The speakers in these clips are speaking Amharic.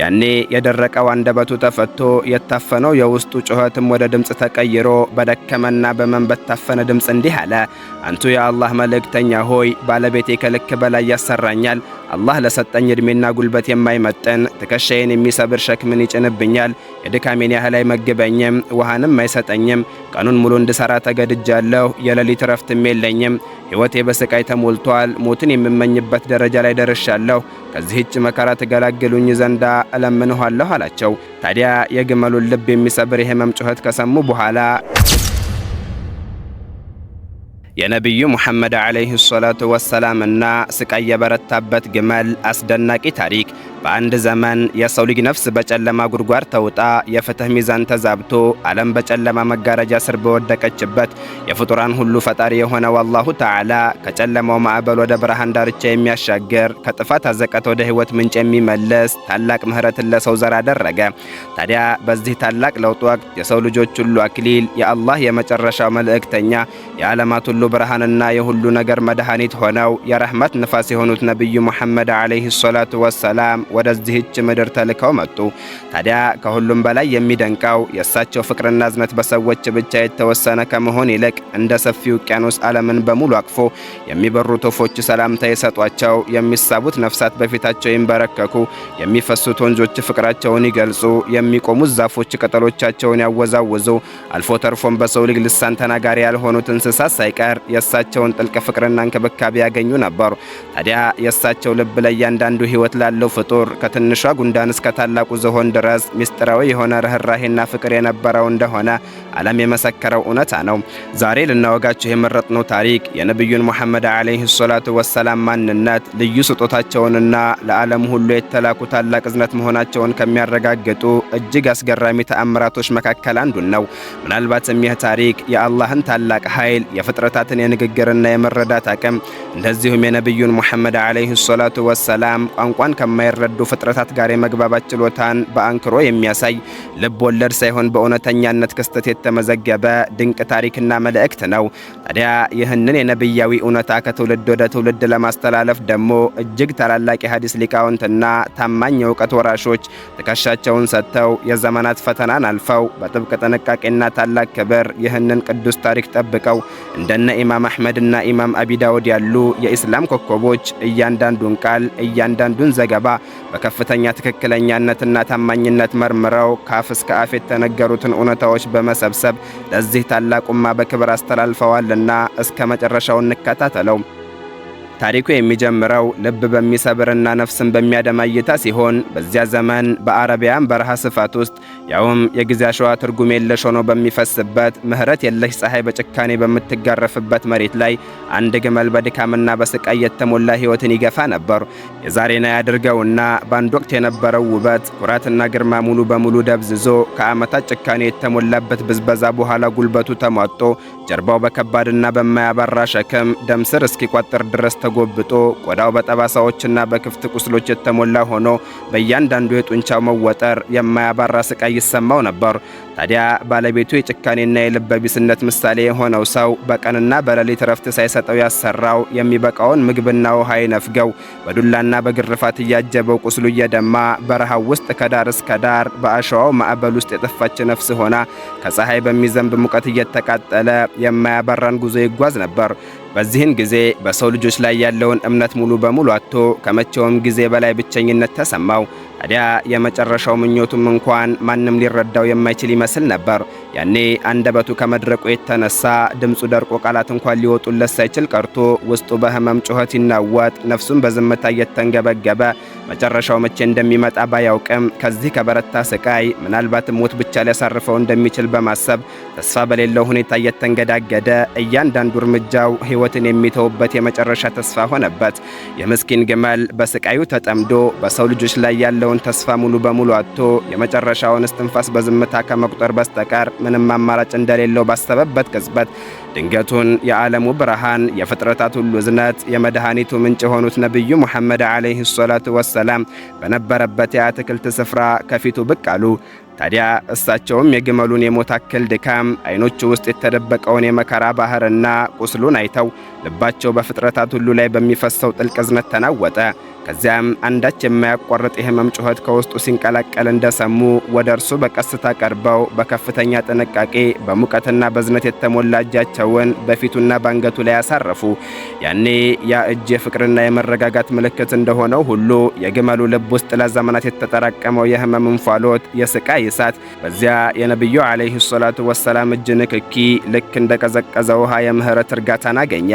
ያኔ የደረቀው አንደበቱ ተፈቶ የታፈነው የውስጡ ጩኸትም ወደ ድምፅ ተቀይሮ በደከመና በመን በታፈነ ድምፅ እንዲህ አለ። አንቱ የአላህ መልእክተኛ ሆይ ባለቤቴ ከልክ በላይ ያሰራኛል። አላህ ለሰጠኝ ዕድሜና ጉልበት የማይመጥን ትከሻዬን የሚሰብር ሸክምን ይጭንብኛል። የድካሜን ያህል አይመግበኝም፣ ውሃንም አይሰጠኝም። ቀኑን ሙሉ እንድሠራ ተገድጃለሁ። የሌሊት ረፍትም የለኝም። ሕይወቴ በስቃይ ተሞልቷል። ሞትን የምመኝበት ደረጃ ላይ ደርሻለሁ። ከዚህች መከራ ትገላግሉኝ ዘንዳ እለምንኋለሁ አላቸው። ታዲያ የግመሉን ልብ የሚሰብር የህመም ጩኸት ከሰሙ በኋላ የነቢዩ ሙሐመድ ዓለይህ ሰላቱ ወሰላምና ስቃይ የበረታበት ግመል አስደናቂ ታሪክ። በአንድ ዘመን የሰው ልጅ ነፍስ በጨለማ ጉድጓድ ተውጣ የፍትህ ሚዛን ተዛብቶ ዓለም በጨለማ መጋረጃ ስር በወደቀችበት የፍጡራን ሁሉ ፈጣሪ የሆነው አላሁ ተዓላ ከጨለማው ማዕበል ወደ ብርሃን ዳርቻ የሚያሻገር ከጥፋት አዘቀት ወደ ሕይወት ምንጭ የሚመልስ ታላቅ ምህረትን ለሰው ዘር አደረገ። ታዲያ በዚህ ታላቅ ለውጥ ወቅት የሰው ልጆች ሁሉ አክሊል የአላህ የመጨረሻው መልእክተኛ የዓለማት ሁሉ ብርሃንና የሁሉ ነገር መድኃኒት ሆነው የረህመት ንፋስ የሆኑት ነቢዩ ሙሐመድ ዓለይህ ሰላቱ ወሰላም ወደዚህች ምድር ተልከው መጡ። ታዲያ ከሁሉም በላይ የሚደንቀው የእሳቸው ፍቅርና እዝነት በሰዎች ብቻ የተወሰነ ከመሆን ይልቅ እንደ ሰፊ ውቅያኖስ ዓለምን በሙሉ አቅፎ የሚበሩት ወፎች ሰላምታ የሰጧቸው፣ የሚሳቡት ነፍሳት በፊታቸው ይንበረከኩ፣ የሚፈሱት ወንዞች ፍቅራቸውን ይገልጹ፣ የሚቆሙት ዛፎች ቅጠሎቻቸውን ያወዛውዙ፣ አልፎ ተርፎም በሰው ልጅ ልሳን ተናጋሪ ያልሆኑት እንስሳት ሳይቀር በመፍጠር የእሳቸውን ጥልቅ ፍቅርና እንክብካቤ ያገኙ ነበሩ። ታዲያ የእሳቸው ልብ ላይ እያንዳንዱ ህይወት ላለው ፍጡር ከትንሿ ጉንዳን እስከ ታላቁ ዝሆን ድረስ ምስጢራዊ የሆነ ርኅራሄና ፍቅር የነበረው እንደሆነ ዓለም የመሰከረው እውነታ ነው። ዛሬ ልናወጋችሁ የመረጥነው ታሪክ የነቢዩን ሙሐመድ ዓለይሂ ሰላቱ ወሰላም ማንነት፣ ልዩ ስጦታቸውንና ለዓለም ሁሉ የተላኩ ታላቅ እዝነት መሆናቸውን ከሚያረጋግጡ እጅግ አስገራሚ ተአምራቶች መካከል አንዱን ነው። ምናልባትም ይህ ታሪክ የአላህን ታላቅ ኃይል የፍጥረታ የነፍሳትን የንግግርና የመረዳት አቅም እንደዚሁም የነቢዩን ሙሐመድ ዓለይሂ ሰላቱ ወሰላም ቋንቋን ከማይረዱ ፍጥረታት ጋር የመግባባት ችሎታን በአንክሮ የሚያሳይ ልብ ወለድ ሳይሆን በእውነተኛነት ክስተት የተመዘገበ ድንቅ ታሪክና መልእክት ነው። ታዲያ ይህንን የነቢያዊ እውነታ ከትውልድ ወደ ትውልድ ለማስተላለፍ ደግሞ እጅግ ታላላቅ የሀዲስ ሊቃውንትና ታማኝ የእውቀት ወራሾች ትከሻቸውን ሰጥተው የዘመናት ፈተናን አልፈው በጥብቅ ጥንቃቄና ታላቅ ክብር ይህንን ቅዱስ ታሪክ ጠብቀው እንደነ እነ ኢማም አሕመድና ኢማም አቢ ዳውድ ያሉ የኢስላም ኮከቦች እያንዳንዱን ቃል እያንዳንዱን ዘገባ በከፍተኛ ትክክለኛነትና ታማኝነት መርምረው ካፍ እስከ አፍ የተነገሩትን እውነታዎች በመሰብሰብ ለዚህ ታላቁማ በክብር አስተላልፈዋልና እስከ መጨረሻው እንከታተለው። ታሪኩ የሚጀምረው ልብ በሚሰብርና ነፍስን በሚያደማ እይታ ሲሆን በዚያ ዘመን በአረቢያን በረሃ ስፋት ውስጥ ያውም የጊዜ አሸዋ ትርጉም የለሽ ሆኖ በሚፈስበት ምህረት የለሽ ፀሐይ በጭካኔ በምትጋረፍበት መሬት ላይ አንድ ግመል በድካምና በስቃይ የተሞላ ሕይወትን ይገፋ ነበር። የዛሬና ያድርገውና በአንድ ወቅት የነበረው ውበት ኩራትና ግርማ ሙሉ በሙሉ ደብዝዞ ከዓመታት ጭካኔ የተሞላበት ብዝበዛ በኋላ ጉልበቱ ተሟጦ ጀርባው በከባድና በማያባራ ሸክም ደምስር ስር እስኪቋጥር ድረስ ተጎብጦ ቆዳው በጠባሳዎችና በክፍት ቁስሎች የተሞላ ሆኖ በእያንዳንዱ የጡንቻው መወጠር የማያባራ ስቃይ ይሰማው ነበር። ታዲያ ባለቤቱ የጭካኔና የልበቢስነት ምሳሌ የሆነው ሰው በቀንና በሌሊት ረፍት ሳይሰጠው ያሰራው የሚበቃውን ምግብና ውሃ ይነፍገው በዱላና በግርፋት እያጀበው ቁስሉ እየደማ በረሃው ውስጥ ከዳር እስከ ዳር በአሸዋው ማዕበል ውስጥ የጠፋች ነፍስ ሆና ከፀሐይ በሚዘንብ ሙቀት እየተቃጠለ የማያባራን ጉዞ ይጓዝ ነበር። በዚህን ጊዜ በሰው ልጆች ላይ ያለውን እምነት ሙሉ በሙሉ አጥቶ ከመቼውም ጊዜ በላይ ብቸኝነት ተሰማው። ታዲያ የመጨረሻው ምኞቱም እንኳን ማንም ሊረዳው የማይችል ይመስል ነበር። ያኔ አንደበቱ ከመድረቁ የተነሳ ድምፁ ደርቆ ቃላት እንኳን ሊወጡለት ሳይችል ቀርቶ ውስጡ በህመም ጩኸት ይናወጥ፣ ነፍሱም በዝምታ እየተንገበገበ መጨረሻው መቼ እንደሚመጣ ባያውቅም ከዚህ ከበረታ ስቃይ ምናልባትም ሞት ብቻ ሊያሳርፈው እንደሚችል በማሰብ ተስፋ በሌለው ሁኔታ እየተንገዳገደ እያንዳንዱ እርምጃው ህይወትን የሚተውበት የመጨረሻ ተስፋ ሆነበት። የምስኪን ግመል በስቃዩ ተጠምዶ በሰው ልጆች ላይ ያለው የዛሬውን ተስፋ ሙሉ በሙሉ አጥቶ የመጨረሻውን እስትንፋስ በዝምታ ከመቁጠር በስተቀር ምንም አማራጭ እንደሌለው ባሰበበት ቅጽበት ድንገቱን የዓለሙ ብርሃን የፍጥረታት ሁሉ ዝነት የመድኃኒቱ ምንጭ የሆኑት ነቢዩ ሙሐመድ ዓለይሂ ሰላቱ ወሰላም በነበረበት የአትክልት ስፍራ ከፊቱ ብቅ አሉ። ታዲያ እሳቸውም የግመሉን የሞት አክል ድካም፣ አይኖቹ ውስጥ የተደበቀውን የመከራ ባህርና ቁስሉን አይተው ልባቸው በፍጥረታት ሁሉ ላይ በሚፈሰው ጥልቅ እዝነት ተናወጠ። ከዚያም አንዳች የማያቋርጥ የህመም ጩኸት ከውስጡ ሲንቀላቀል እንደሰሙ ወደ እርሱ በቀስታ ቀርበው በከፍተኛ ጥንቃቄ በሙቀትና በዝነት የተሞላ እጃቸው መተውን በፊቱና ባንገቱ ላይ ያሳረፉ። ያኔ ያ እጅ የፍቅርና የመረጋጋት ምልክት እንደሆነው ሁሉ የግመሉ ልብ ውስጥ ለዘመናት የተጠራቀመው የህመም እንፋሎት፣ የስቃይ እሳት በዚያ የነቢዩ ዓለይሂ ሰላቱ ወሰላም እጅ ንክኪ ልክ እንደቀዘቀዘ ውሃ የምህረት እርጋታን አገኘ።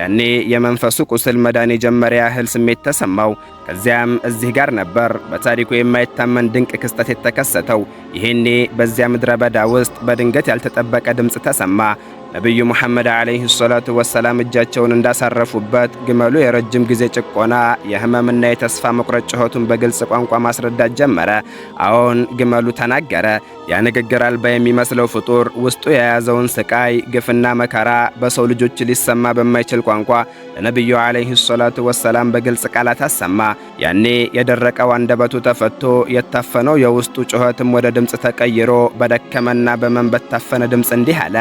ያኔ የመንፈሱ ቁስል መዳን የጀመረ ያህል ስሜት ተሰማው። ከዚያም እዚህ ጋር ነበር በታሪኩ የማይታመን ድንቅ ክስተት የተከሰተው። ይህኔ በዚያ ምድረ በዳ ውስጥ በድንገት ያልተጠበቀ ድምፅ ተሰማ። ነቢዩ ሙሐመድ ዓለይህ ሰላቱ ወሰላም እጃቸውን እንዳሳረፉበት ግመሉ የረጅም ጊዜ ጭቆና የህመምና የተስፋ መቁረጥ ጩኸቱን በግልጽ ቋንቋ ማስረዳት ጀመረ። አዎን ግመሉ ተናገረ። ያ ንግግር አልባ የሚመስለው ፍጡር ውስጡ የያዘውን ስቃይ፣ ግፍና መከራ በሰው ልጆች ሊሰማ በማይችል ቋንቋ ለነቢዩ ዓለይህ ሰላቱ ወሰላም በግልጽ ቃላት አሰማ። ያኔ የደረቀው አንደበቱ ተፈቶ የታፈነው የውስጡ ጩኸትም ወደ ድምፅ ተቀይሮ በደከመና በመንበት ታፈነ ድምፅ እንዲህ አለ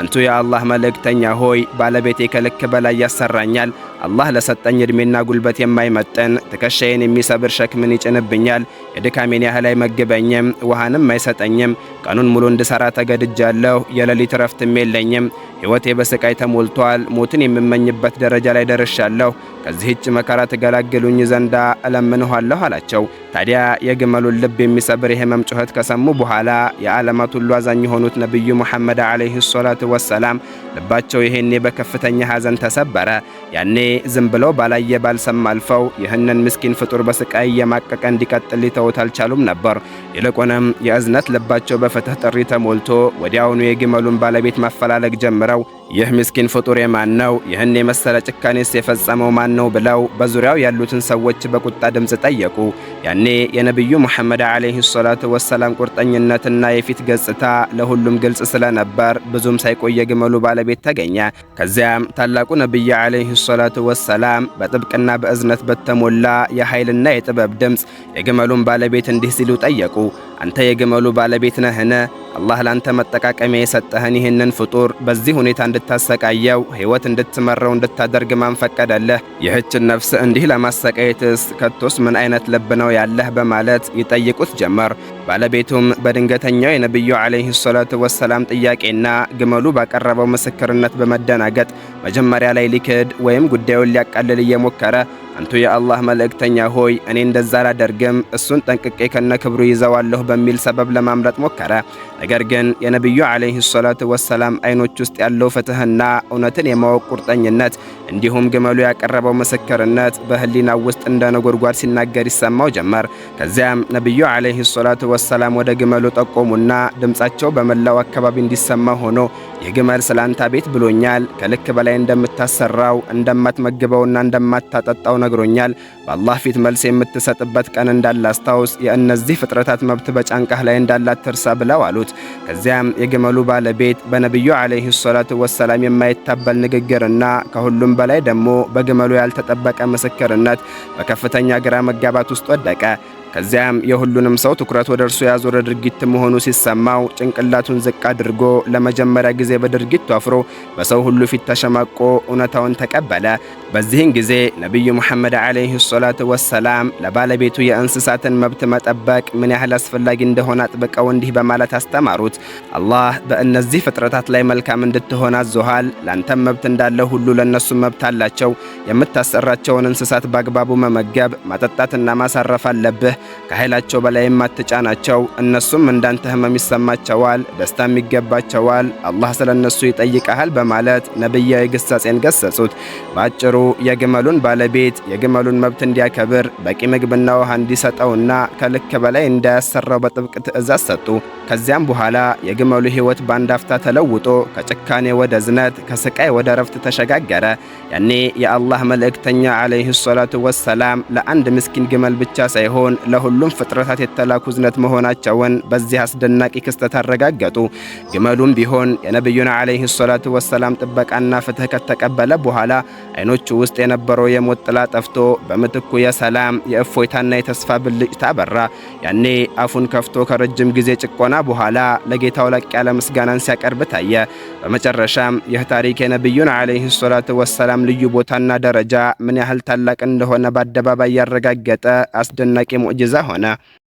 አንቱ የአላህ መልእክተኛ ሆይ ባለቤቴ ከልክ በላይ ያሰራኛል። አላህ ለሰጠኝ እድሜና ጉልበት የማይመጠን ትከሻዬን የሚሰብር ሸክምን ይጭንብኛል። የድካሜን ያህል አይመግበኝም፣ ውሃንም አይሰጠኝም። ቀኑን ሙሉ እንድሠራ ተገድጃለሁ። የሌሊት ረፍትም የለኝም። ሕይወቴ በስቃይ ተሞልቷል። ሞትን የምመኝበት ደረጃ ላይ ደርሻለሁ። ከዚህች መከራ ትገላግሉኝ ዘንዳ እለምንኋለሁ አላቸው። ታዲያ የግመሉን ልብ የሚሰብር የህመም ጩኸት ከሰሙ በኋላ የዓለማት ሁሉ አዛኝ የሆኑት ነቢዩ ሙሐመድ ዓለይሂ ሰላቱ ወሰላም ልባቸው ይሄኔ በከፍተኛ ሐዘን ተሰበረ። ያኔ ዝም ብለው ባላየ ባልሰማ አልፈው ይህንን ምስኪን ፍጡር በስቃይ እየማቀቀ እንዲቀጥል ሊተውት አልቻሉም ነበር። ይልቁንም የእዝነት ልባቸው በፍትህ ጥሪ ተሞልቶ ወዲያውኑ የግመሉን ባለቤት ማፈላለግ ጀምረው ይህ ምስኪን ፍጡር የማን ነው? ይህን የመሰለ ጭካኔስ የፈጸመው ማን ነው? ብለው በዙሪያው ያሉትን ሰዎች በቁጣ ድምፅ ጠየቁ። ያኔ የነቢዩ ሙሐመድ ዓለይሂ ሰላቱ ወሰላም ቁርጠኝነትና የፊት ገጽታ ለሁሉም ግልጽ ስለነበር ብዙም ሳይቆየ ግመሉ ባለቤት ተገኘ። ከዚያም ታላቁ ነቢይ ዓለይሂ ሰላቱ ወሰላም በጥብቅና በእዝነት በተሞላ የኃይልና የጥበብ ድምፅ የግመሉን ባለቤት እንዲህ ሲሉ ጠየቁ አንተ የግመሉ ባለቤት ነህነ አላህ ላንተ መጠቃቀሚያ የሰጠህን ይህንን ፍጡር በዚህ ሁኔታ እንድታሰቃየው ሕይወት እንድትመረው እንድታደርግ ማን ፈቀደለህ? ይህችን ነፍስ እንዲህ ለማሰቃየትስ ከቶስ ምን አይነት ልብ ነው ያለህ? በማለት ይጠይቁት ጀመር። ባለቤቱም በድንገተኛው የነቢዩ ዓለይሂ ሰላቱ ወሰላም ጥያቄና ግመሉ ባቀረበው ምስክርነት በመደናገጥ መጀመሪያ ላይ ሊክድ ወይም ጉዳዩን ሊያቃልል እየሞከረ አንቱ የአላህ መልእክተኛ ሆይ እኔ እንደዛ አላደርግም፣ እሱን ጠንቅቄ ከነ ክብሩ ይዘዋለሁ በሚል ሰበብ ለማምለጥ ሞከረ። ነገር ግን የነቢዩ ዓለይሂ ሰላቱ ወሰላም አይኖች ውስጥ ያለው ፍትህና እውነትን የማወቅ ቁርጠኝነት እንዲሁም ግመሉ ያቀረበው ምስክርነት በህሊና ውስጥ እንደ ነጎድጓድ ሲናገር ይሰማው ጀመር። ከዚያም ነቢዩ ዓለይሂ ሰላቱ ወሰላም ወደ ግመሉ ጠቆሙና ድምፃቸው በመላው አካባቢ እንዲሰማ ሆኖ የግመል ስላንታ ቤት ብሎኛል። ከልክ በላይ እንደምታሰራው እንደማትመግበውና እንደማታጠጣው ነግሮኛል። በአላህ ፊት መልስ የምትሰጥበት ቀን እንዳላስታውስ የእነዚህ ፍጥረታት መብት በጫንቃህ ላይ እንዳላት ትርሳ ብለው አሉት። ከዚያም የግመሉ ባለቤት በነቢዩ ዓለይሂ ሰላቱ ወሰላም የማይታበል ንግግርና ከሁሉም በላይ ደግሞ በግመሉ ያልተጠበቀ ምስክርነት በከፍተኛ ግራ መጋባት ውስጥ ወደቀ። ከዚያም የሁሉንም ሰው ትኩረት ወደ እርሱ ያዞረ ድርጊት መሆኑ ሲሰማው ጭንቅላቱን ዝቅ አድርጎ ለመጀመሪያ ጊዜ በድርጊቱ አፍሮ በሰው ሁሉ ፊት ተሸማቆ እውነታውን ተቀበለ። በዚህን ጊዜ ነቢዩ ሙሐመድ ዓለይሂ ሰላቱ ወሰላም ለባለቤቱ የእንስሳትን መብት መጠበቅ ምን ያህል አስፈላጊ እንደሆነ አጥብቀው እንዲህ በማለት አስተማሩት። አላህ በእነዚህ ፍጥረታት ላይ መልካም እንድትሆን አዞሃል። ላንተም መብት እንዳለ ሁሉ ለእነሱም መብት አላቸው። የምታሰራቸውን እንስሳት በአግባቡ መመገብ፣ ማጠጣትና ማሳረፍ አለብህ። ከኃይላቸው በላይም አትጫናቸው። እነሱም እንዳንተ ህመም ይሰማቸዋል፣ ደስታም ይገባቸዋል። አላህ ስለ እነሱ ይጠይቀሃል በማለት ነቢያዊ ግሳጼን ገሰጹት። በአጭሩ የግመሉን ባለቤት የግመሉን መብት እንዲያከብር በቂ ምግብና ውሃ እንዲሰጠውና ከልክ በላይ እንዳያሰራው በጥብቅ ትእዛዝ ሰጡ። ከዚያም በኋላ የግመሉ ህይወት በአንድ አፍታ ተለውጦ ከጭካኔ ወደ ዝነት፣ ከስቃይ ወደ ረፍት ተሸጋገረ። ያኔ የአላህ መልእክተኛ ዓለይህ ሰላቱ ወሰላም ለአንድ ምስኪን ግመል ብቻ ሳይሆን ለሁሉም ፍጥረታት የተላኩ ዝነት መሆናቸውን በዚህ አስደናቂ ክስተት አረጋገጡ። ግመሉም ቢሆን የነቢዩን ዓለይሂ ሰላቱ ወሰላም ጥበቃና ፍትህ ከተቀበለ በኋላ አይኖቹ ውስጥ የነበረው የሞት ጥላ ጠፍቶ በምትኩ የሰላም የእፎይታና የተስፋ ብልጭታ በራ። ያኔ አፉን ከፍቶ ከረጅም ጊዜ ጭቆና በኋላ ለጌታው ላቅ ያለ ምስጋናን ሲያቀርብ ታየ። በመጨረሻም ይህ ታሪክ የነቢዩን ዓለይሂ ሰላቱ ወሰላም ልዩ ቦታና ደረጃ ምን ያህል ታላቅ እንደሆነ በአደባባይ ያረጋገጠ አስደናቂ جزاؤنا